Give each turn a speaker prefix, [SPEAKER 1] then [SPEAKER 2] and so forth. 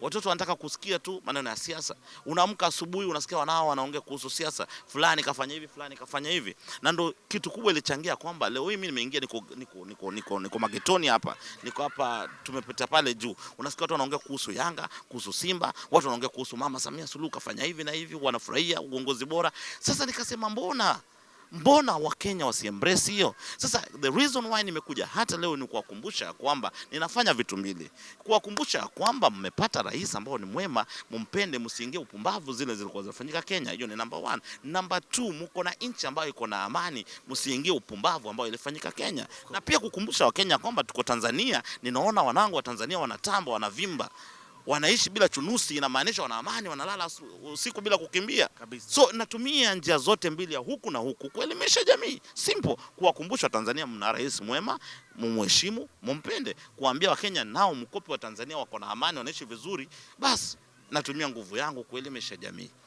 [SPEAKER 1] Watoto wanataka kusikia tu maneno ya siasa. Unaamka asubuhi unasikia wanao wanaongea kuhusu siasa, fulani kafanya hivi, fulani kafanya hivi, na ndo kitu kubwa ilichangia kwamba leo hii mimi nimeingia, niko niko niko niko, niko magetoni hapa, niko hapa, tumepita pale juu, unasikia watu wanaongea kuhusu Yanga, kuhusu Simba, watu wanaongea kuhusu Mama Samia Suluhu kafanya hivi na hivi, wanafurahia uongozi bora. Sasa nikasema mbona Mbona Wakenya wasiembrace hiyo? Sasa the reason why nimekuja hata leo ni kuwakumbusha kwamba ninafanya vitu mbili, kuwakumbusha kwamba mmepata rais ambao ni mwema, mumpende, msiingie upumbavu zile zilikuwa zinafanyika Kenya. Hiyo ni number one. Number two, mko na nchi ambayo iko na amani, msiingie upumbavu ambayo ilifanyika Kenya, na pia kukumbusha Wakenya kwamba tuko Tanzania. Ninaona wanangu wa Tanzania wanatamba, wanavimba wanaishi bila chunusi, inamaanisha wana amani, wanalala usiku bila kukimbia kabisa. So natumia njia zote mbili ya huku na huku kuelimisha jamii, simple, kuwakumbusha Tanzania mna rais mwema, mumheshimu, mumpende, kuambia Wakenya nao mkopi wa Tanzania wako na amani, wanaishi vizuri. Basi natumia nguvu yangu kuelimisha jamii.